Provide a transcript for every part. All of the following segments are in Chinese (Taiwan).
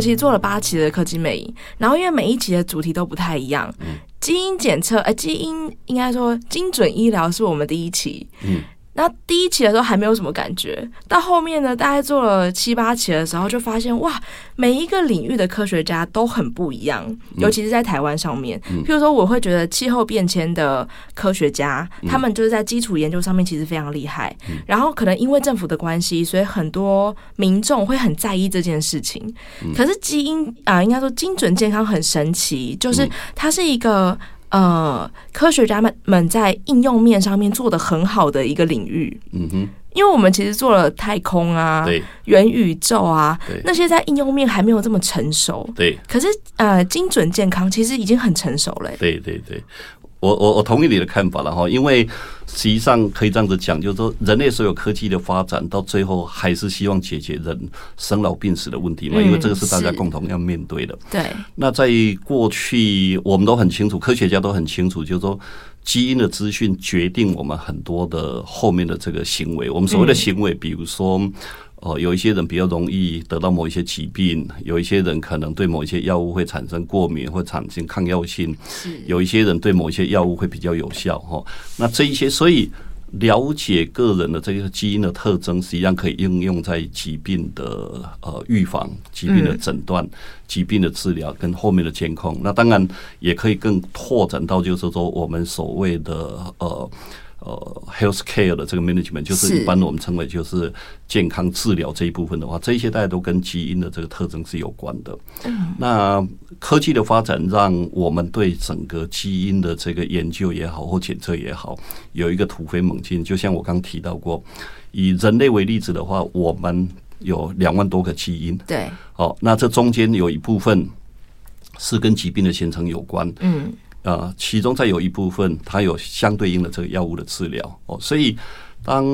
其實做了八期的科技魅癮，然後因為每一期的主題都不太一樣，嗯、基因檢測，呃，基因應該說精準醫療是我們第一期。嗯那第一期的時候還沒有什麼感覺，到後面呢，大概做了七八期的時候，就發現哇，每一個領域的科學家都很不一樣，尤其是在台灣上面。嗯、譬如說，我會覺得氣候變遷的科學家，嗯、他們就是在基礎研究上面其實非常厲害。嗯、然後可能因為政府的關係，所以很多民眾會很在意這件事情。可是基因啊，應該說精準健康很神奇，就是它是一個。呃，科學家們們在應用面上面做得很好的一個領域，嗯哼，因為我們其實做了太空啊，元對宇宙啊，對那些在應用面還沒有這麼成熟，對，可是呃，精準健康其實已經很成熟了欸，對對對。我我我同意你的看法了哈，因為實際上可以這樣子講，就是說人類所有科技的發展到最後還是希望解決人生老病死的問題嘛，因為這個是大家共同要面對的。嗯、是對，那在過去我們都很清楚，科學家都很清楚，就是說基因的資訊決定我們很多的後面的這個行為。我們所謂的行為，比如說。哦、呃，有一些人比較容易得到某一些疾病，有一些人可能對某一些藥物會產生過敏，會產生抗藥性，有一些人對某一些藥物會比較有效。哦，那這一些，所以了解個人的這個基因的特徵，實際上可以應用在疾病的呃預防、疾病的診斷、嗯、疾病的治療跟後面的監控。那當然也可以更拓展到，就是說我們所謂的呃。呃，health care 的這個 management 就是一般我們稱為就是健康治療這一部分的話，是這些大家都跟基因的這個特徵是有關的。嗯，那科技的發展讓我們對整個基因的這個研究也好，或檢測也好，有一個突飛猛進。就像我剛提到過，以人類為例子的話，我們有兩萬多個基因。對，好，哦，那這中間有一部分是跟疾病的形成有關。嗯。啊，其中再有一部分，它有相對應的這個藥物的治療哦。所以，當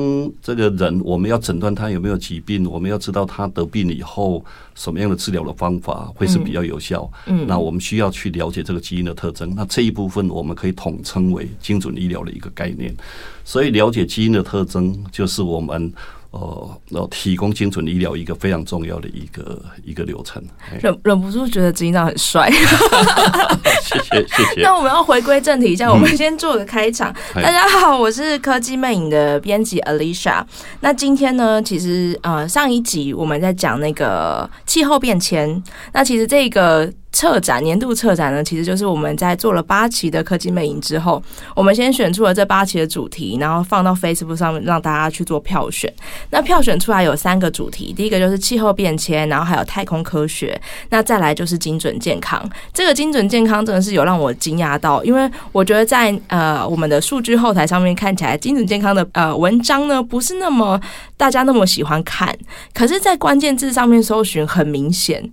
這個人我們要診斷他有沒有疾病，我們要知道他得病以後什麼樣的治療的方法會是比較有效。嗯，那我們需要去了解這個基因的特徵。那這一部分我們可以統稱為精準醫療的一個概念。所以，了解基因的特徵就是我們。哦，然後提供精準醫療一個非常重要的一個一個流程，哎、忍忍不住覺得執行長很帥。 謝謝謝謝。那我們要回歸正題一下，我們先做個開場。嗯、大家好，我是科技魅癮的編輯 Alicia，哎。那今天呢，其實呃，上一集我們在講那個氣候變遷，那其實這個。策展年度策展呢，其實就是我們在做了八期的科技魅癮之後，我們先選出了這八期的主題，然後放到 Facebook 上面讓大家去做票選。那票選出來有三個主題，第一個就是氣候變遷，然後還有太空科學，那再來就是精準健康。這個精準健康真的是有讓我驚訝到，因為我覺得在呃我們的數據後台上面看起來，精準健康的呃文章呢不是那麼大家那麼喜歡看，可是，在關鍵字上面搜尋很明顯。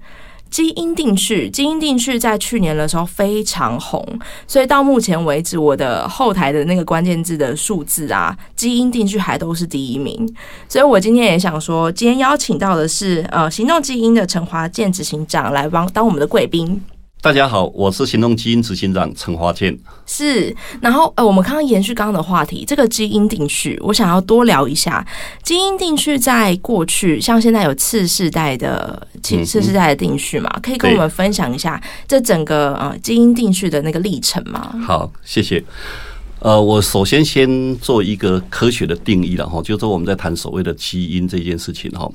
基因定序，基因定序在去年的時候非常紅，所以到目前為止，我的後台的那個關鍵字的數字啊，基因定序還都是第一名。所以我今天也想說，今天邀請到的是呃行動基因的陳華鍵執行長來幫當我們的貴賓。大家好，我是行動基因執行長陳華鍵。是，然後呃，我們剛剛延續剛剛的話題，這個基因定序，我想要多聊一下基因定序。在過去，像現在有次世代的，次世代的定序嘛，嗯、可以跟我們分享一下這整個對啊，基因定序的那個歷程嗎？好，謝謝。呃，我首先先做一個科學的定義了哈，就說、是、我們在談所謂的基因這件事情哈，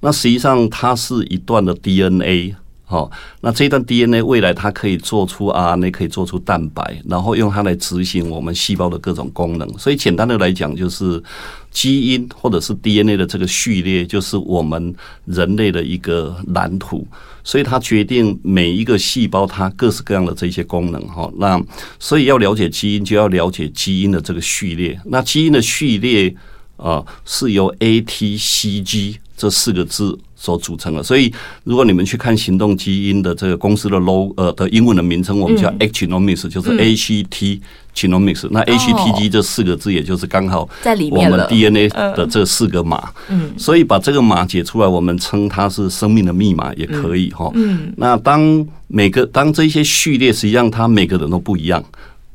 那實際上它是一段的 DNA。好、哦，那這一段 DNA 未來它可以做出 RNA、啊、可以做出蛋白，然後用它來執行我們細胞的各種功能。所以簡單的來講，就是基因或者是 DNA 的這個序列，就是我們人類的一個藍圖。所以它決定每一個細胞它各式各樣的這些功能。哈、哦，那所以要了解基因，就要了解基因的這個序列。那基因的序列啊、呃，是由 ATCG。這四個字所組成的，所以如果你們去看行動基因的這個公司的 logo 呃的英文的名稱，我們叫 ACT Genomics 就是 ACT Genomics, 嗯嗯 那 ACTG 這四個字，也就是剛好在裡面我們 DNA 的這四個碼。嗯，所以把這個碼解出來，我們稱它是生命的密碼也可以哈。嗯，那當每個當這些序列實際上它每個人都不一樣，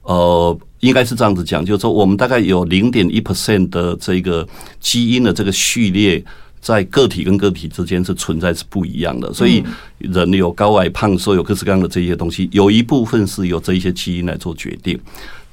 呃，應該是這樣子講，就是說我們大概有零點一 percent 的這個基因的這個序列。在個體跟個體之間是存在是不一樣的，所以人有高矮胖瘦，有各式各樣的這些東西，有一部分是由這一些基因來做決定。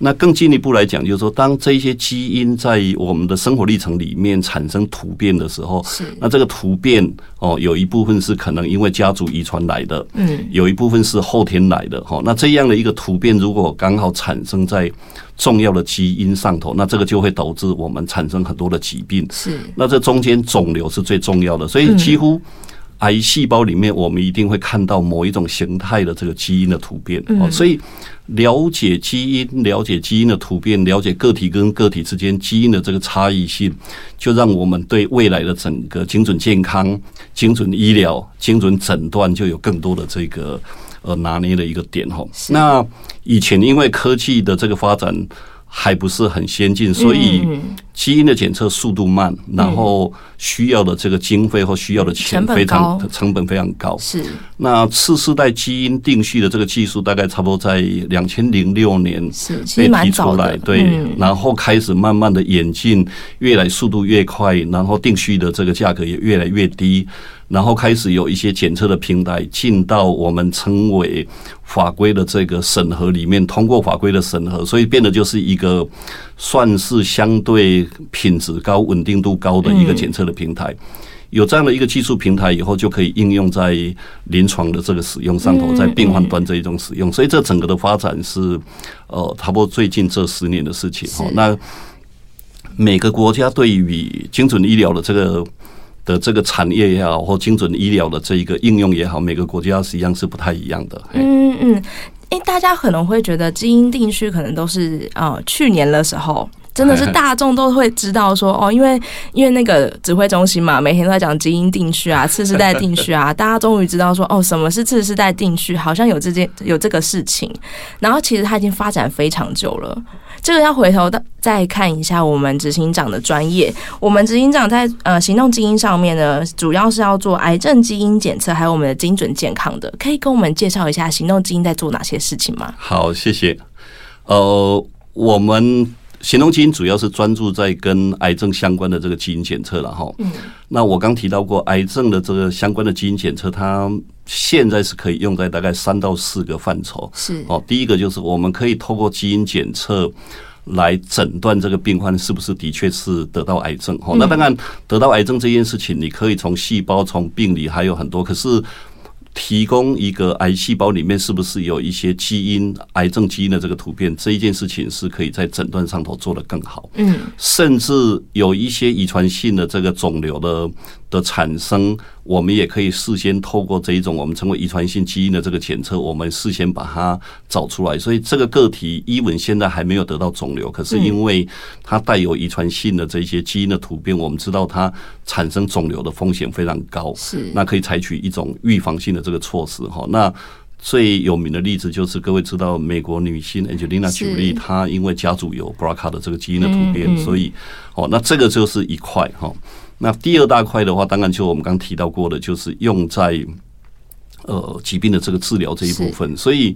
那更進一步來講，就是說，當這些基因在我們的生活歷程裡面產生突變的時候，是那這個突變哦，有一部分是可能因為家族遺傳來的，嗯，有一部分是後天來的哈、哦。那這樣的一個突變，如果剛好產生在重要的基因上頭，那這個就會導致我們產生很多的疾病。是那這中間腫瘤是最重要的，所以幾乎、嗯。癌細胞裡面，我們一定會看到某一種形態的這個基因的突變、嗯、所以，了解基因、了解基因的突變、了解個體跟個體之間基因的這個差異性，就讓我們對未來的整個精準健康、精準醫療、精準診斷就有更多的這個呃拿捏的一個點齁。是。那以前因為科技的這個發展。還不是很先進，所以基因的檢測速度慢，然後需要的這個經費或需要的錢非常，成本非常高。是，成本高，那次世代基因定序的這個技術，大概差不多在兩千零六年被提出來，對，然後開始慢慢的演進，越來速度越快，然後定序的這個價格也越來越低。然後開始有一些檢測的平台進到我們稱為法規的這個審核裡面，通過法規的審核，所以變得就是一個算是相對品質高、穩定度高的一個檢測的平台。有這樣的一個技術平台以後，就可以應用在臨床的這個使用上頭，在病患端這一種使用。所以這整個的發展是呃，差不多最近這十年的事情。哈是。那每個國家對於精準醫療的這個。的這個產業也好，或精準醫療的這一個應用也好，每個國家是一樣是不太一樣的。嗯嗯，哎、嗯欸，大家可能會覺得基因定序可能都是啊、呃，去年的時候。真的是大眾都會知道說哦，因為因為那個指揮中心嘛，每天都在講基因定序啊，次世代定序啊， 大家終於知道說哦，什麼是次世代定序，好像有這件有這個事情。然後其實它已經發展非常久了。這個要回頭到再看一下我們執行長的專業。我們執行長在呃行動基因上面呢，主要是要做癌症基因檢測，還有我們的精準健康的。可以跟我們介紹一下行動基因在做哪些事情嗎？好，謝謝。呃，我們。行動基因主要是專注在跟癌症相關的這個基因檢測了哈。嗯。那我剛提到過，癌症的這個相關的基因檢測，它現在是可以用在大概三到四個範疇。是。哦，第一個就是我們可以透過基因檢測來診斷這個病患是不是的確是得到癌症。哦，那當然，得到癌症這件事情，你可以從細胞、從病理還有很多，可是。提供一個癌細胞裡面是不是有一些基因、癌症基因的這個突變，這一件事情是可以在診斷上頭做得更好。嗯，甚至有一些遺傳性的這個腫瘤的的產生，我們也可以事先透過這一種我們稱為遺傳性基因的這個檢測，我們事先把它找出來。所以這個個體伊文現在還沒有得到腫瘤，可是因為它帶有遺傳性的這些基因的突變，嗯、我們知道它產生腫瘤的風險非常高。是，那可以採取一種預防性的這個措施哈。那最有名的例子就是各位知道美國女性 Angelina Jolie，是她因為家族有 BRCA 的這個基因的突變，嗯嗯、所以哦，那這個就是一塊哈。那第二大塊的話，當然就是我們剛提到過的，就是用在呃疾病的這個治療這一部分。是所以，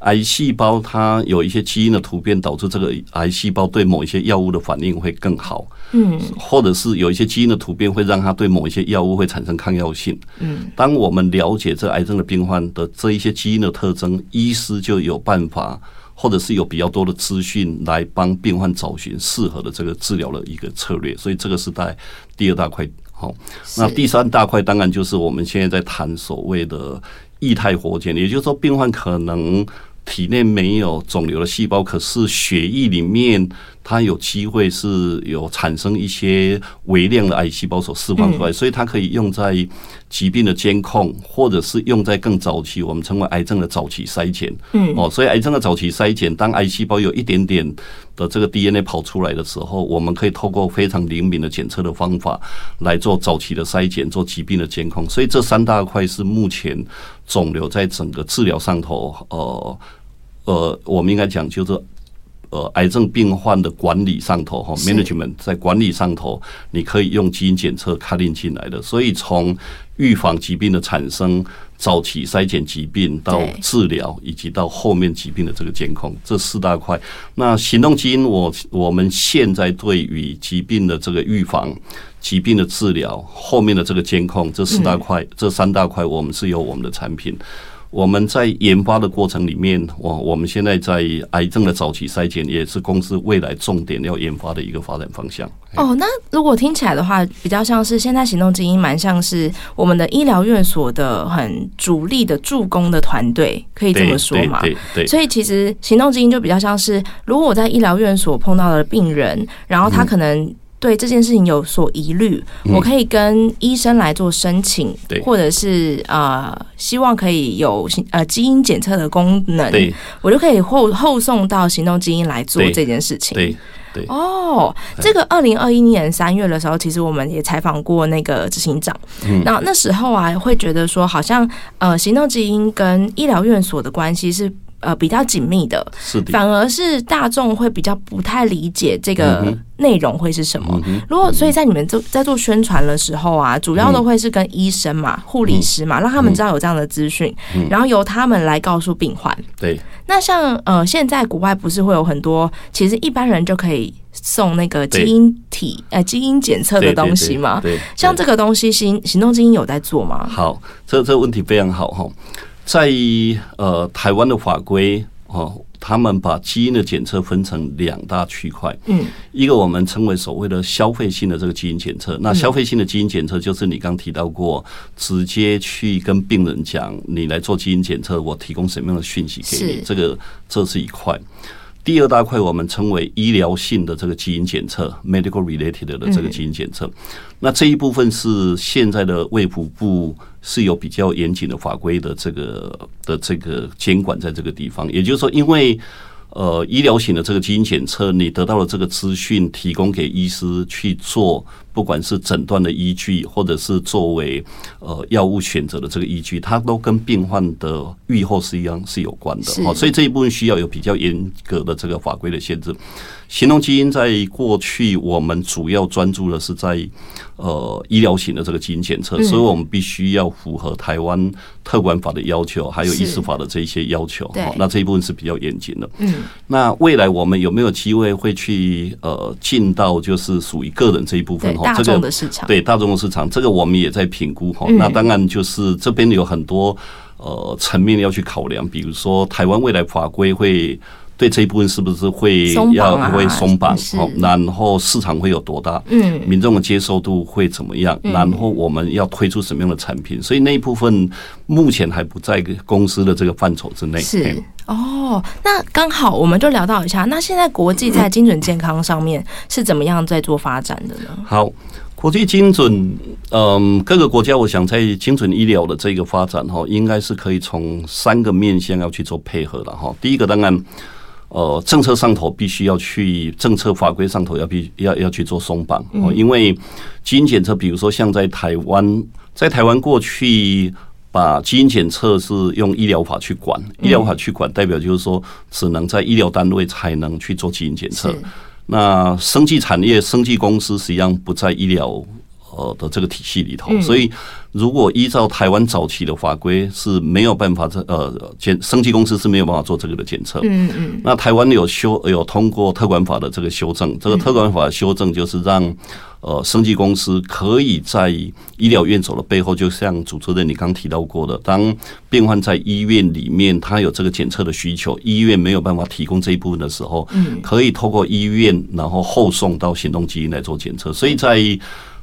癌細胞它有一些基因的突變，導致這個癌細胞對某一些藥物的反應會更好。嗯，或者是有一些基因的突變，會讓它對某一些藥物會產生抗藥性。嗯，當我們了解這癌症的病患的這一些基因的特徵，醫師就有辦法。或者是有比較多的資訊來幫病患找尋適合的這個治療的一個策略，所以這個是在第二大塊。好，那第三大塊當然就是我們現在在談所謂的液態活檢，也就是說病患可能。體內沒有腫瘤的細胞，可是血液裡面它有機會是有產生一些微量的癌細胞所釋放出來，嗯，所以它可以用在疾病的監控，或者是用在更早期，我們稱為癌症的早期篩檢。嗯，哦，所以癌症的早期篩檢，當癌細胞有一點點的這個 DNA 跑出來的時候，我們可以透過非常靈敏的檢測的方法來做早期的篩檢，做疾病的監控。所以這三大塊是目前。腫瘤在整個治療上頭，呃，呃，我們應該講就是。呃，癌症病患的管理上頭哈是，management 在管理上頭，你可以用基因檢測卡定進來的。所以從預防疾病的產生、早期篩檢疾病到治療，對以及到後面疾病的這個監控，這四大塊。那行動基因我，我我們現在對於疾病的這個預防、疾病的治療、後面的這個監控，這四大塊、嗯、這三大塊，我們是有我們的產品。我們在研發的過程裡面，我，我們現在在癌症的早期篩檢也是公司未來重點要研發的一個發展方向。哦，那如果聽起來的話，比較像是現在行動基因，蠻像是我們的醫療院所的很主力的助攻的團隊，可以這麼說嗎？對，對對，所以其實行動基因就比較像是，如果我在醫療院所碰到的病人，然後他可能、嗯。對這件事情有所疑慮，嗯、我可以跟醫生來做申請，對或者是呃，希望可以有呃基因檢測的功能，對我就可以後後送到行動基因來做這件事情。對，對，對哦，這個二零二一年三月的時候，其實我們也採訪過那個執行長，那、嗯、那時候啊，會覺得說好像呃，行動基因跟醫療院所的關係是。呃，比較緊密的，的反而是大眾會比較不太理解這個內容會是什麼。嗯嗯嗯、如果所以，在你們做在做宣傳的時候啊，主要都會是跟醫生嘛、護、嗯、理師嘛，讓他們知道有這樣的資訊，嗯、然後由他們來告訴病患。對、嗯。嗯、那像呃，現在國外不是會有很多，其實一般人就可以送那個基因體對呃基因檢測的東西嘛？像這個東西行對對對行動基因有在做嗎？好，這這個問題非常好哈。在呃，台灣的法規哦，他們把基因的檢測分成兩大區塊。嗯，一個我們稱為所謂的消費性的這個基因檢測，那消費性的基因檢測就是你剛提到過，嗯、直接去跟病人講，你來做基因檢測，我提供什麼樣的訊息給你，是這個這是一塊。第二大塊我們稱為醫療性的這個基因檢測 （medical related） 的這個基因檢測，那這一部分是現在的衛福部，部是有比較嚴謹的法規的這個的這個監管在這個地方。也就是說，因為呃醫療型的這個基因檢測，你得到了這個資訊，提供給醫師去做。不管是診斷的依據，或者是作為呃藥物選擇的這個依據，它都跟病患的預後是一樣是有關的。好是、哦，所以這一部分需要有比較嚴格的這個法規的限制。行動基因在過去，我們主要專注的是在呃醫療型的這個基因檢測，嗯、所以我們必須要符合台灣特管法的要求，還有醫師法的這一些要求。哦、那這一部分是比較嚴謹的。嗯，那未來我們有沒有機會會去呃進到就是屬於個人這一部分？嗯大眾的市場，對大眾的市場，這個我們也在評估哈。那當然就是這邊有很多呃層面要去考量，比如說台灣未來法規會。對這一部分是不是會要會鬆綁？然後市場會有多大？嗯，民眾的接受度會怎麼樣？然後我們要推出什麼樣的產品？所以那一部分目前還不在公司的這個範疇之內。是哦，那剛好我們就聊到一下。那現在國際在精準健康上面是怎麼樣在做發展的呢？好，國際精準，嗯，各個國家我想在精準醫療的這個發展哈，應該是可以從三個面向要去做配合的。哈。第一個當然。呃，政策上頭必須要去政策法規上頭要必要要去做鬆綁，嗯、因為基因檢測，比如說像在台灣，在台灣過去把基因檢測是用醫療法去管，醫療法去管，代表就是說只能在醫療單位才能去做基因檢測。是那生技產業、生技公司實際上不在醫療。呃的這個體系裡頭，所以如果依照台灣早期的法規是沒有辦法做呃檢生技公司是沒有辦法做這個的檢測。嗯嗯。那台灣有修有通過特管法的這個修正，這個特管法修正就是讓呃生技公司可以在醫療院所的背後，就像主持人你剛提到過的，當病患在醫院裡面他有這個檢測的需求，醫院沒有辦法提供這一部分的時候，可以透過醫院然後後送到行動基因來做檢測。所以在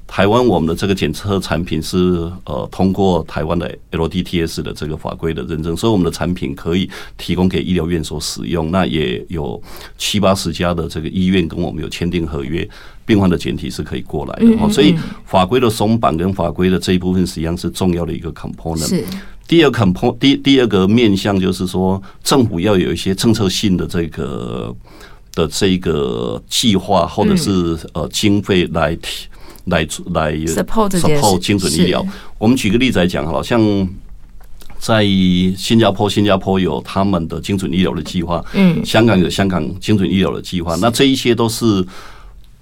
台灣我們的這個檢測產品是呃通過台灣的 LDTs 的這個法規的認證，所以我們的產品可以提供給醫療院所使用。那也有七八十家的這個醫院跟我們有簽訂合約，病患的檢體是可以過來的。嗯嗯嗯，所以法規的鬆綁跟法規的這一部分實際上是重要的一個 component 是。第二個 component，第二第二個面向就是說政府要有一些政策性的這個的這個計劃或者是呃經費來提。來來 support 精準醫療，我們舉個例子來講好了，像在新加坡，新加坡有他們的精準醫療的計劃，嗯，香港有香港精準醫療的計劃，是那這一些都是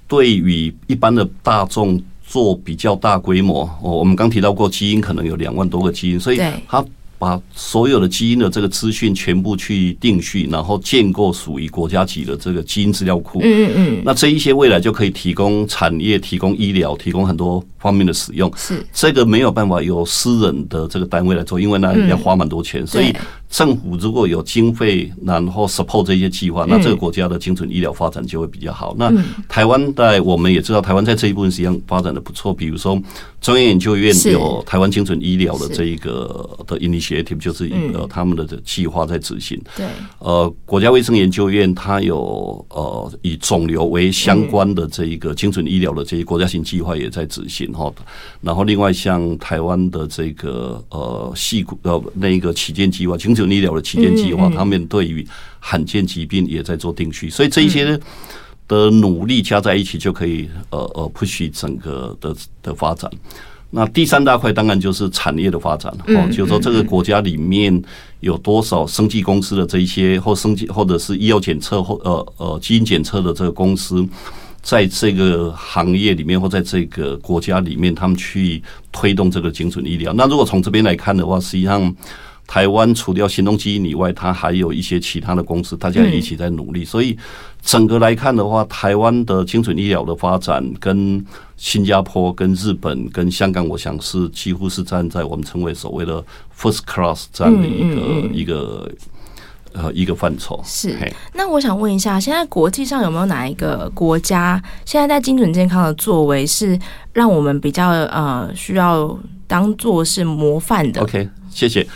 對於一般的大眾做比較大規模哦。我們剛提到過基因，可能有兩萬多個基因，所以它把所有的基因的這個資訊全部去定序，然後建構屬於國家級的這個基因資料庫。嗯嗯，那這一些未來就可以提供產業、提供醫療、提供很多方面的使用。是，這個沒有辦法由私人的這個單位來做，因為那要花蠻多錢，所以。政府如果有經費，然後 support 這些計劃，那這個國家的精準醫療發展就會比較好。嗯、那台灣在我們也知道，台灣在這一部分實際上發展的不錯。比如說，中央研究院有台灣精準醫療的這一個的 initiative，就是呃他們的這計劃在執行、嗯。對，呃，國家衛生研究院它有呃以腫瘤為相關的這一個精準醫療的這些國家性計劃也在執行哈。然後另外像台灣的這個呃系，呃那一個旗艦計劃精精準醫療的旗艦計劃，他們對於罕見疾病也在做定序，所以這一些的努力加在一起就可以呃呃，push 整個的的發展。那第三大塊當然就是產業的發展了，哦，就是說這個國家裡面有多少生技公司的這一些，或生技或者是醫藥檢測或呃呃基因檢測的這個公司，在這個行業裡面或在這個國家裡面，他們去推動這個精準醫療。那如果從這邊來看的話，實際上。台灣除掉行動基因以外，它還有一些其他的公司，大家一起在努力。嗯、所以，整個來看的話，台灣的精準醫療的發展，跟新加坡、跟日本、跟香港，我想是幾乎是站在我們稱為所謂的 first class 站的一個、嗯嗯、一個呃一個範疇。是。嘿那我想問一下，現在國際上有沒有哪一個國家現在在精準健康的作為是讓我們比較呃需要當做是模範的？OK，謝謝。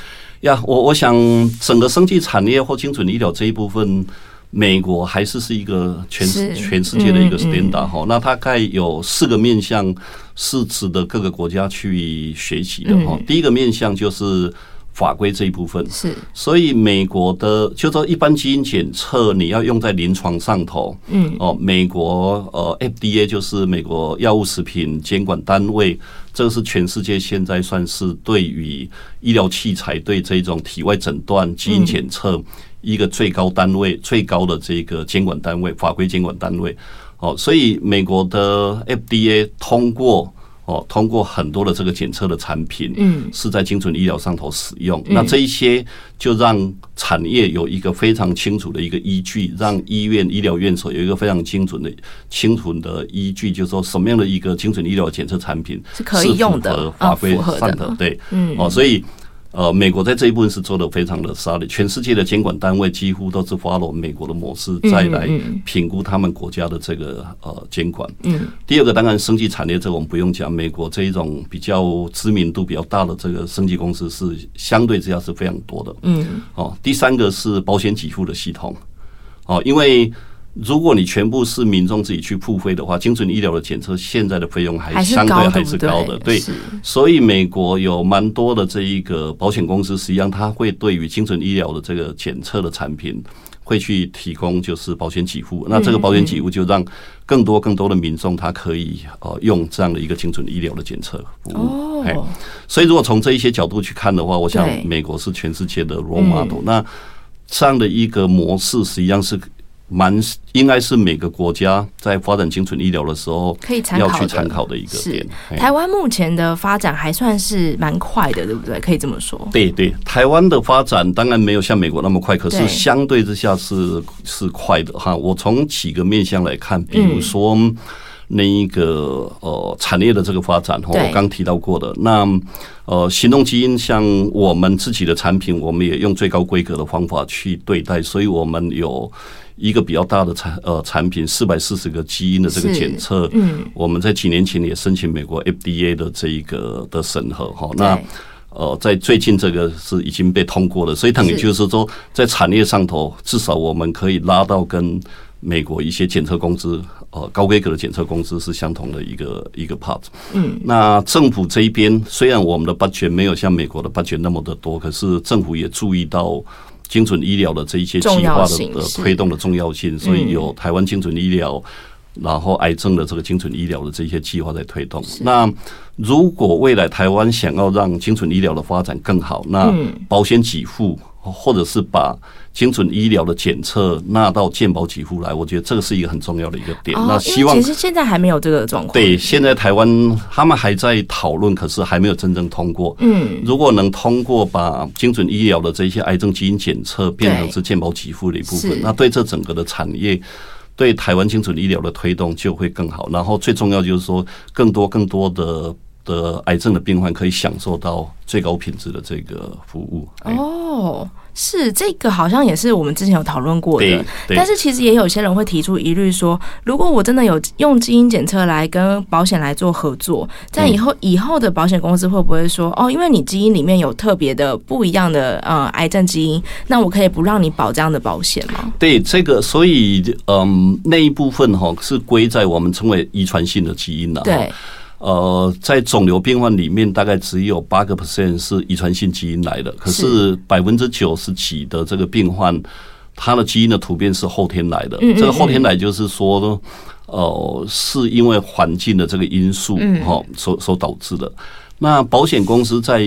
呀，yeah, 我我想整個生技產業或精準醫療這一部分，美國還是是一個全是全世界的一個 standard 哈。那大概有四個面向，是值得各個國家去學習的哈、嗯。第一個面向就是。法規這一部分是，所以美國的就說一般基因檢測你要用在臨床上頭，嗯，哦，美國呃 FDA 就是美國藥物食品監管單位，這個是全世界現在算是對於醫療器材對這種體外診斷基因檢測一個最高單位、嗯、最高的這個監管單位法規監管單位，哦，所以美國的 FDA 通過。哦，通過很多的這個檢測的產品，嗯，是在精準醫療上頭使用。嗯，那這一些就讓產業有一個非常清楚的一個依據，讓醫院醫療院所有一個非常精準的、清楚的依據，就是說什麼樣的一個精準醫療檢測產品是可以用的，是啊，符合的，的對，嗯，哦，所以。呃，美國在這一部分是做的非常的 solid，全世界的監管單位幾乎都是 follow 美國的模式再來評估他們國家的這個呃監管。嗯，第二個當然，生技產業這個我們不用講，美國這一種比較知名度比較大的這個生技公司是相對之下是非常多的。嗯，哦，第三個是保險給付的系統，哦，因為。如果你全部是民眾自己去付費的話，精準醫療的檢測現在的費用還相對還是高的，對，對 是 所以美國有蠻多的這一個保險公司，實際上它會對於精準醫療的這個檢測的產品會去提供就是保險給付，嗯嗯、那這個保險給付就讓更多更多的民眾他可以呃用這樣的一個精準醫療的檢測服務。哦，嘿，所以如果從這一些角度去看的話，我想美國是全世界的 role model。嗯嗯、那這樣的一個模式實際上是。蠻應該是每個國家在發展精準醫療的時候，可以參考要去參考的一個點。台灣目前的發展還算是蠻快的，對不對？可以這麼說。對，對對，台灣的發展當然沒有像美國那麼快，可是相對之下是對 是快的哈。我從幾個面向來看，比如說那一個呃產業的這個發展哈，我剛提到過的對 那呃行動基因，像我們自己的產品，我們也用最高規格的方法去對待，所以我們有。一個比較大的產呃產品，四百四十個基因的這個檢測，嗯，我們在幾年前也申請美國 FDA 的這一個的審核。哈，那呃，在最近這個是已經被通過了，所以等於就是說，在產業上頭，至少我們可以拉到跟美國一些檢測公司呃高規格的檢測公司是相同的一個一個 part。嗯，那政府這一邊，雖然我們的 budget 沒有像美國的 budget 那麼的多，可是政府也注意到。精準醫療的這一些計劃的推動的重要性，重要性，所以有台灣精準醫療，嗯、然後癌症的這個精準醫療的這些計劃在推動。是那如果未來台灣想要讓精準醫療的發展更好，那保險給付，或者是把精準醫療的檢測納到健保給付來，我覺得這個是一個很重要的一個點。那希望其實現在還沒有這個狀況。對，現在台灣他們還在討論，可是還沒有真正通過。嗯，如果能通過，把精準醫療的這些癌症基因檢測變成是健保給付的一部分，那對這整個的產業，對台灣精準醫療的推動就會更好。然後最重要就是說，更多更多的。的癌症的病患可以享受到最高品質的這個服務哦，是這個好像也是我們之前有討論過的，對對但是其實也有些人會提出疑慮說，如果我真的有用基因檢測來跟保險來做合作，但以後、嗯、以後的保險公司會不會說，哦，因為你基因裡面有特別的不一樣的呃癌症基因，那我可以不讓你保這樣的保險嗎？對，這個所以嗯那一部分哈是歸在我們稱為遺傳性的基因了。對。呃，在腫瘤病患裡面，大概只有八個 percent 是遺傳性基因來的，可是百分之九十幾的這個病患，它的基因的突變是後天來的。嗯嗯嗯這個後天來就是說，呢，哦，是因為環境的這個因素哈、哦，所所導致的。那保險公司在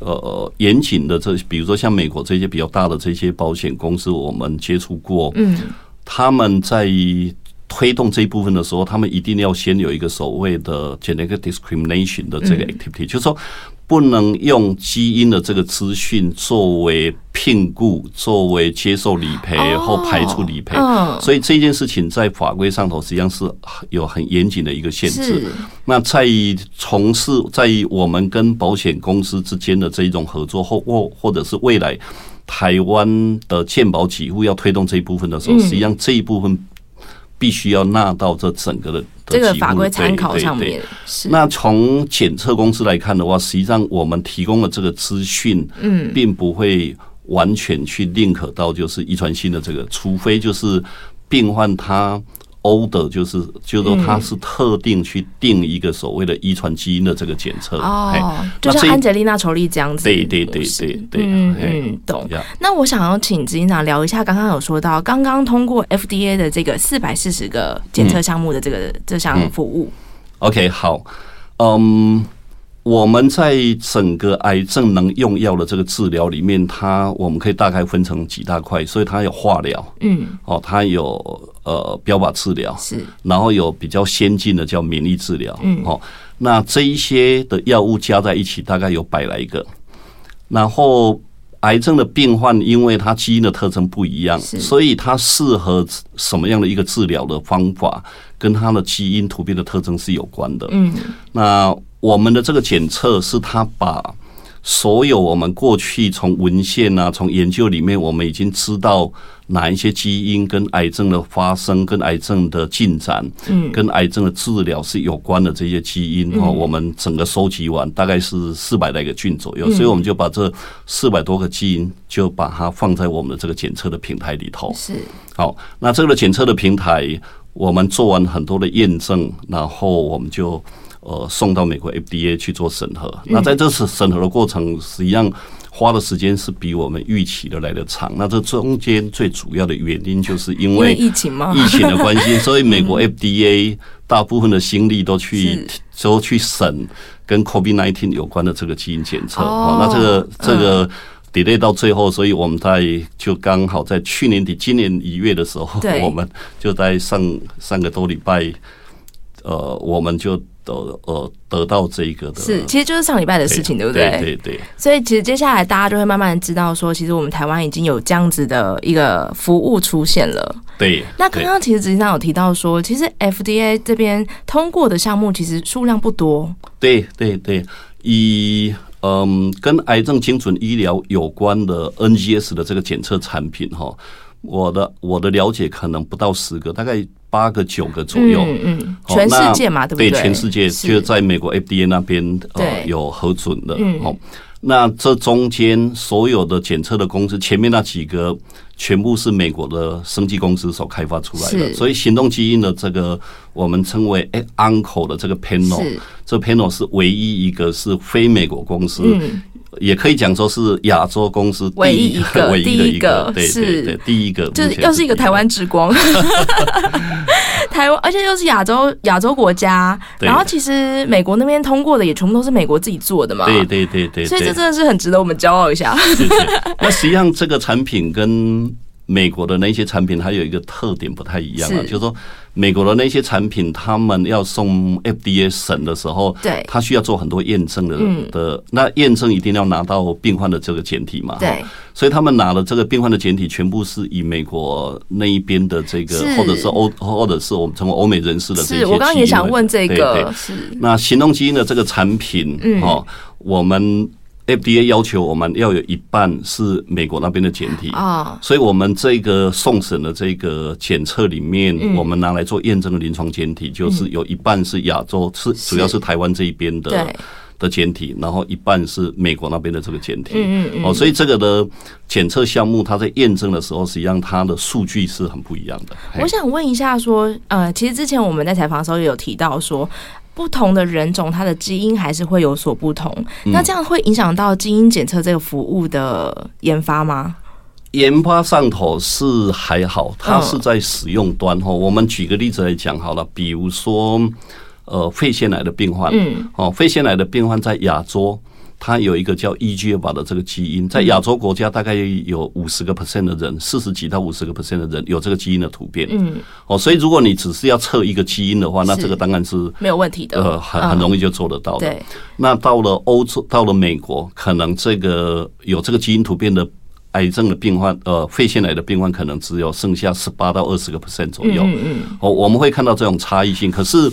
呃嚴謹的這，比如說像美國這些比較大的這些保險公司，我們接觸過，嗯，嗯，他們在。推動這一部分的時候，他們一定要先有一個所謂的 “genetic discrimination” 的這個 activity、嗯、就是說不能用基因的這個資訊作為聘僱、作為接受理賠、哦、或排除理賠。哦、所以這件事情在法規上頭實際上是有很嚴謹的一個限制。是那在於從事在於我們跟保險公司之間的這一種合作，或或或者是未來台灣的健保幾乎要推動這一部分的時候，實際上這一部分。必須要納到這整個的這個法規參考上面。那從檢測公司來看的話，實際上我們提供的這個資訊，並不會完全去認可到就是遺傳性的這個，除非就是病患他。order 就是就是說它是特定去定一個所謂的遺傳基因的這個檢測哦，嗯、嘿就像安吉麗娜·朱莉這樣子，對對對對對，嗯嘿懂。嗯懂，那我想要請執行長聊一下，剛剛有說到剛剛通過 FDA 的這個四百四十個檢測項目的這個這項服務，嗯嗯。OK，好，嗯，我們在整個癌症能用藥的這個治療裡面，它我們可以大概分成幾大塊，所以它有化療，嗯，哦，它有。呃，標靶治療是，然後有比較先進的叫免疫治療，嗯，哦，那這一些的藥物加在一起大概有百來個，然後癌症的病患，因為它基因的特徵不一樣，是所以它適合什麼樣的一個治療的方法，跟它的基因突變的特徵是有關的，嗯，那我們的這個檢測是它把。所有我們過去從文獻啊，從研究裡面，我們已經知道哪一些基因跟癌症的發生、跟癌症的進展、嗯，跟癌症的治療是有關的這些基因哦，我們整個收集完，大概是四百來個菌左右，所以我們就把這四百多個基因就把它放在我們的這個檢測的平台裡頭。是好，那這個檢測的平台，我們做完很多的驗證，然後我們就。.呃，送到美國 FDA 去做審核。嗯、那在這次審核的過程，實際上花的時間是比我們預期的來得長。那這中間最主要的原因，就是因為疫情嘛，疫情的關係，所以美國 FDA 大部分的心力都去都、嗯、去審跟 COVID-19 有關的這個基因檢測，哦哦。那這個這個 delay 到最後，所以我們在就剛好在去年底、今年一月的時候，對我們就在上上個多禮拜，呃，我們就。呃，得到這一個的是，其實就是上禮拜的事情，對不對？對對,對。所以其實接下來大家就會慢慢知道，說其實我們台灣已經有這樣子的一個服務出現了。對,對。那剛剛其實實際上有提到說，其實 FDA 這邊通過的項目其實數量不多。對對對，以嗯跟癌症精準醫療有關的 NGS 的這個檢測產品哈，我的我的了解可能不到十個，大概。八個九個左右，嗯嗯，嗯全世界嘛，對，對不對？全世界就在美國 FDA 那邊、呃、有核准的。好、嗯，那這中間所有的檢測的公司，前面那幾個全部是美國的生技公司所開發出來的，所以行動基因的這個我們稱為哎安口的這個 panel，這 panel 是唯一一個是非美國公司。也可以講說是亞洲公司第一個唯一一個，唯一一個第一個，第一個就是第一個，就是又是一個台灣之光， 台灣，而且又是亞洲亞洲國家。對然後其實美國那邊通過的也全部都是美國自己做的嘛，對，對對對對，所以這真的是很值得我們驕傲一下。那實際上這個產品跟。美國的那些產品還有一個特點不太一樣啊，就是說美國的那些產品，他們要送 FDA 審的時候，對，他需要做很多驗證的的，那驗證一定要拿到病患的這個檢體嘛，對，所以他們拿了這個病患的檢體，全部是以美國那一邊的這個，或者是歐，或者是我們成為歐美人士的。是我剛剛也想問這個，那行動基因的這個產品啊，我們。FDA 要求我們要有一半是美國那邊的檢體，所以我們這個送審的這個檢測裡面，我們拿來做驗證的臨床檢體，就是有一半是亞洲，是主要是台灣這一邊的的檢體，然後一半是美國那邊的這個檢體。嗯嗯哦，所以這個的檢測項目，它在驗證的時候，實際上它的數據是很不一樣的。我想問一下，說呃，其實之前我們在採訪的時候也有提到說。不同的人種，它的基因還是會有所不同。嗯、那這樣會影響到基因檢測這個服務的研發嗎？研發上頭是還好，它是在使用端哈。嗯、我們舉個例子來講好了，比如說，呃，肺腺癌的病患，嗯，哦，肺腺癌的病患在亞洲。它有一個叫 EGFR 的這個基因，在亞洲國家大概有五十個 percent 的人，四十幾到五十個 percent 的人有這個基因的突變。嗯，哦，所以如果你只是要測一個基因的話，那這個當然是沒有問題的。呃，很很容易就做得到。對，那到了歐洲，到了美國，可能這個有這個基因突變的癌症的病患，呃，肺腺癌的病患，可能只有剩下十八到二十個 percent 左右。嗯，哦，我們會看到這種差異性，可是。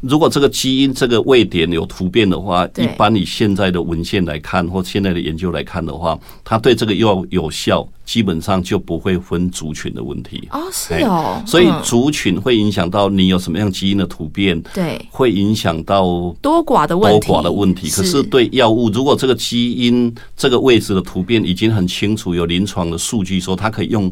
如果這個基因這個位點有突變的話，對一般你現在的文獻來看或現在的研究來看的話，它對這個藥有效，基本上就不會分族群的問題。哦，是哦，對嗯、所以族群會影響到你有什麼樣基因的突變，對，會影響到多寡的問題。多寡的問題，問題是可是對藥物，如果這個基因這個位置的突變已經很清楚，有臨床的數據說它可以用。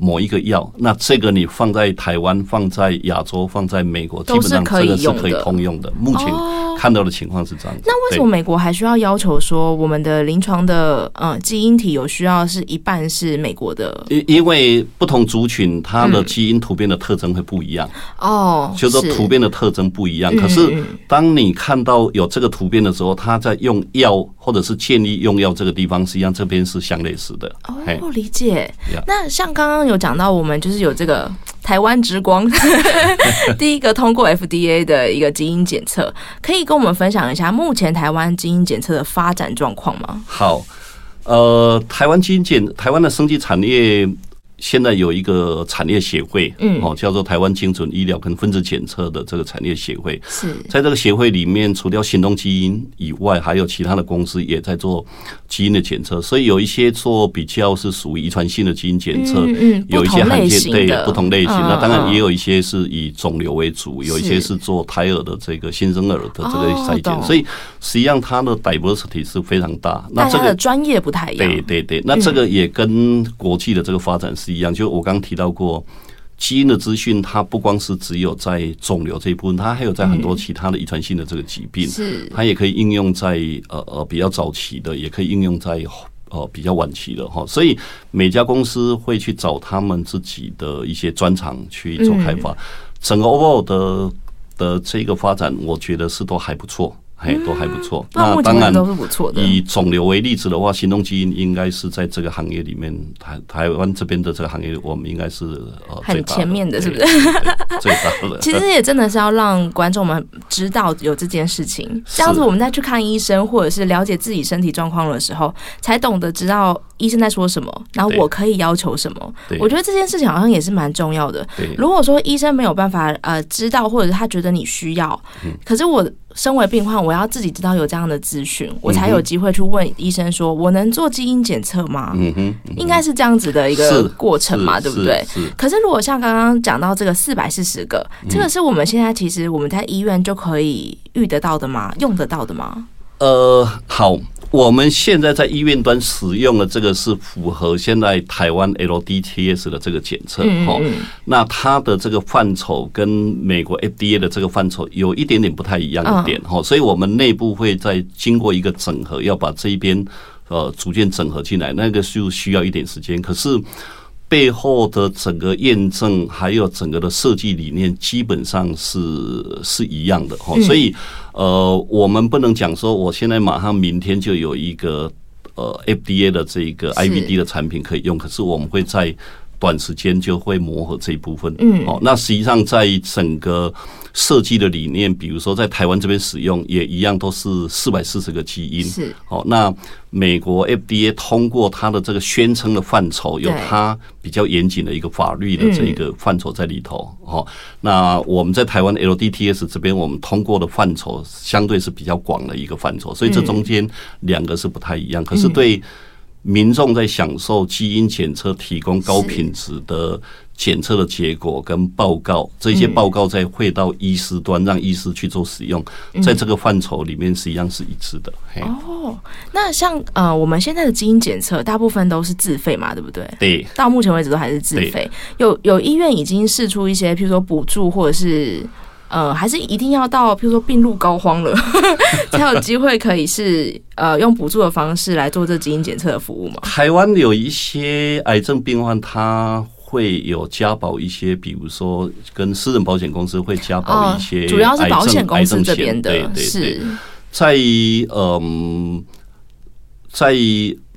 某一個藥，那這個你放在台灣、放在亞洲、放在美國，是基本上這個是可以通用的。目前看到的情況是這樣子。哦。那為什麼美國還需要要求說，我們的臨床的對嗯基因體有需要是一半是美國的？因因為不同族群它的基因突變的特徵會不一樣。嗯、哦，就是突變的特徵不一樣。是可是當你看到有這個突變的時候，嗯、它在用藥或者是建議用藥這個地方是一樣，實際上這邊是相類似的。哦，不嘿理解。Yeah. 那像剛剛。有講到我們就是有這個台灣之光呵呵，第一個通過 FDA 的一個基因檢測，可以跟我們分享一下目前台灣基因檢測的發展狀況嗎？好，呃，台灣基因檢，台灣的生技產業。現在有一個產業協會，嗯，哦，叫做台灣精準醫療跟分子檢測的這個產業協會。是，在這個協會裡面，除掉行動基因以外，還有其他的公司也在做基因的檢測。所以有一些做比較是屬於遺傳性的基因檢測，嗯，嗯，有一些罕見對不同類型的，當然也有一些是以腫瘤為主，是有一些是做胎兒的這個新生兒的這個篩檢。哦、所以實際上它的 diversity 是非常大。那、這個、它的專業不太一樣，對對對，那這個也跟國際的這個發展是。一樣，就我剛剛提到過，基因的資訊，它不光是只有在腫瘤這一部分，它還有在很多其他的遺傳性的這個疾病，是它也可以應用在呃呃比較早期的，也可以應用在呃比較晚期的哈。所以每家公司會去找他們自己的一些專長去做開發。整個 overall 的的這個發展，我覺得是都還不錯。嘿，都還不錯，嗯、那當然都是不錯的。以腫瘤為例子的話，行動基因應該是在這個行業裡面，台台灣這邊的這個行業，我們應該是很前面的，是不是？ 最大的。其實也真的是要讓觀眾們知道有這件事情，這樣子我們在去看醫生或者是了解自己身體狀況的時候，才懂得知道。醫生在說什麼？然後我可以要求什麼？對我覺得這件事情好像也是蠻重要的。對如果說醫生沒有辦法呃知道，或者是他覺得你需要，嗯、可是我身為病患，我要自己知道有這樣的資訊，嗯、哼我才有機會去問醫生說：“我能做基因檢測嗎？”嗯嗯、應該是這樣子的一個過程嘛，是對不對？是是是，可是如果像剛剛講到這個四百四十個，嗯、這個是我們現在，其實我們在醫院就可以遇得到的嗎？用得到的嗎？呃，好。我們現在在醫院端使用的這個是符合現在台灣 LDTs 的這個檢測哈、嗯哦,那它的這個範疇跟美國 FDA 的這個範疇有一點點不太一樣的點哈、嗯哦，所以我們內部會再經過一個整合，要把這一邊呃、哦、逐漸整合進來，那個就需要一點時間，可是。背後的整個驗證，還有整個的設計理念，基本上是是一樣的哈。所以，呃，我們不能講說，我現在馬上明天就有一個呃，FDA 的這一個 IVD 的產品可以用，可是我們會在。短時間就會磨合這一部分，嗯，哦，那實際上在整個設計的理念，比如說在台灣這邊使用，也一樣都是四百四十個基因，是，哦，那美國 FDA 通過它的這個宣稱的範疇，有它比較嚴謹的一個法律的這一個範疇在裡頭，哦，那我們在台灣的 LDTs 這邊，我們通過的範疇相對是比較廣的一個範疇，所以這中間兩個是不太一樣，可是對。民眾在享受基因檢測提供高品質的檢測的結果跟報告，嗯、這些報告再回到醫師端，讓醫師去做使用，嗯、在這個範疇裡面是一樣是一致的。嗯、嘿哦，那像呃，我們現在的基因檢測大部分都是自費嘛，對不對？對，到目前為止都還是自費。對有有醫院已經釋出一些，譬如說補助或者是。呃，還是一定要到，譬如說病入膏肓了，呵呵，才有機會可以是 呃，用補助的方式來做這基因檢測的服務嘛？台灣有一些癌症病患，他會有加保一些，比如說跟私人保險公司會加保一些，啊，主要是保險公司這邊的癌癌，對對，對是在嗯、呃，在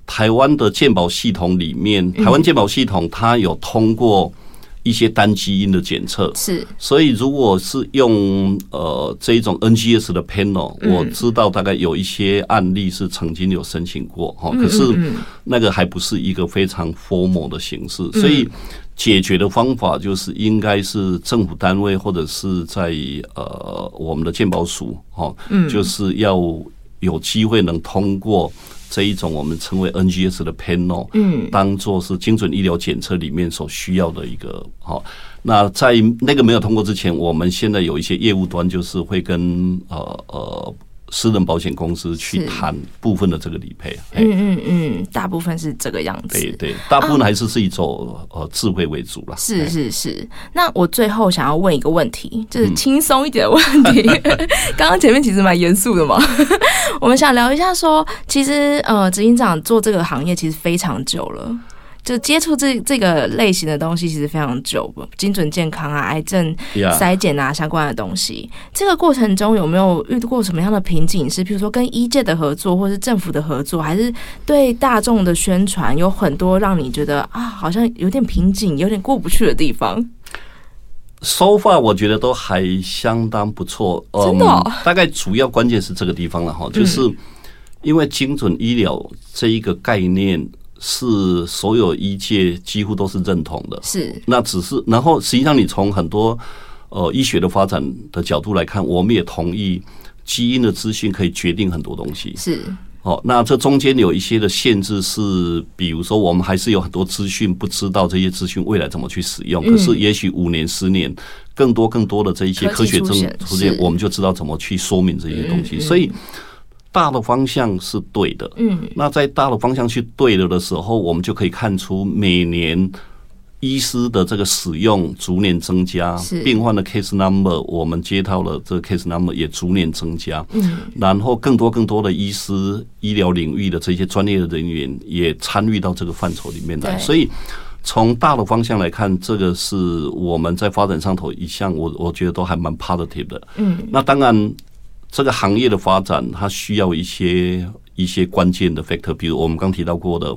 台灣的健保系統裡面，台灣健保系統它有通過，嗯。一些單基因的檢測是，所以如果是用呃這種 NGS 的 panel，嗯、我知道大概有一些案例是曾經有申請過哈，可是那個還不是一個非常 formal 的形式，所以解決的方法就是應該是政府單位或者是在呃我們的健保署、嗯、就是要有機會能通過。這一種我們稱為 NGS 的 panel，嗯，當做是精準醫療檢測裡面所需要的一個。好，嗯、那在那個沒有通過之前，我們現在有一些業務端就是會跟呃呃。呃私人保險公司去談部分的這個理賠，嗯嗯嗯，大部分是這個樣子，對對，大部分還是是以走呃智慧為主啦。是是是，那我最後想要問一個問題，就是輕鬆一點的問題。剛剛、嗯、 前面其實蠻嚴肅的嘛，我們想聊一下說，說其實呃，執行長做這個行業其實非常久了。就接觸這這個類型的東西，其實非常久。精準健康啊，癌症篩檢啊，相關的東西，yeah, 這個過程中有沒有遇到過什麼樣的瓶頸？是比如說跟醫界的合作，或是政府的合作，還是對大眾的宣傳，有很多讓你覺得啊，好像有點瓶頸，有點過不去的地方？So far，我覺得都還相當不錯。Um, 真的哦，大概主要關鍵是這個地方了哈，就是因為精準醫療這一個概念。是所有醫界幾乎都是認同的，是那只是，然後實際上你從很多呃醫學的發展的角度來看，我們也同意基因的資訊可以決定很多東西，是哦。那這中間有一些的限制是，比如說我們還是有很多資訊不知道這些資訊未來怎麼去使用，嗯、可是也許五年十年，更多更多的這一些科學證出現，出現我們就知道怎麼去說明這些東西，嗯、所以。大的方向是對的，嗯，那在大的方向去對了的時候，我們就可以看出每年醫師的這個使用逐年增加，是病患的 case number 我們接到了這個 case number 也逐年增加，嗯，然後更多更多的醫師、醫療領域的這些專業的人員也參與到這個範疇裡面來，對所以從大的方向來看，這個是我們在發展上頭一向，我我覺得都還蠻 positive 的，嗯，那當然。這個行業的發展，它需要一些一些關鍵的 factor，比如我們剛提到過的，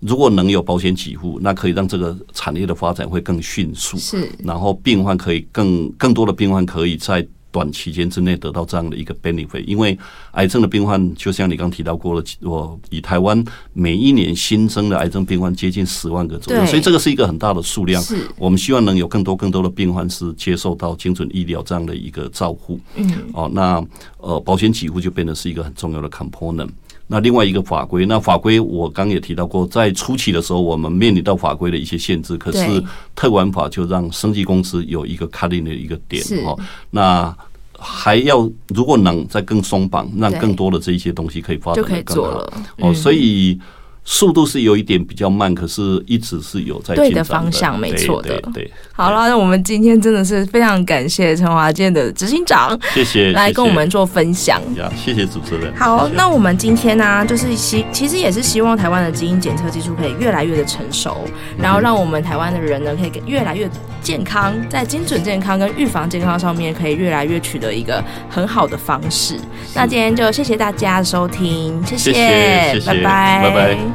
如果能有保險給付，那可以讓這個產業的發展會更迅速。是，然後病患可以更更多的病患可以在，短期間之內得到這樣的一個 benefit，因為癌症的病患就像你剛提到過了，我以台灣每一年新增的癌症病患接近十萬個左右，所以這個是一個很大的數量。我們希望能有更多更多的病患是接受到精準醫療這樣的一個照顧。嗯，哦，那呃，保險給付就變得是一個很重要的 component。那另外一個法規，那法規我剛也提到過，在初期的時候我們面臨到法規的一些限制，可是特管法就讓生技公司有一個 cutting 的一個點哦、喔，那還要，如果能再更鬆綁，讓更多的這一些東西可以發展得更好，就可以做了。哦，所以。速度是有一點比較慢，可是一直是有在對的方向，沒錯的對。對。對好了啦，嗯、那我們今天真的是非常感謝陳華鍵的執行長，謝謝來跟我們做分享。謝謝。啊、謝謝主持人。好，啊、那我們今天呢、啊，就是希其實也是希望台灣的基因檢測技術可以越來越的成熟，然後讓我們台灣的人呢，可以越來越健康，在精準健康跟預防健康上面可以越來越取得一個很好的方式。是那今天就謝謝大家的收聽，謝謝，謝謝拜拜，拜拜。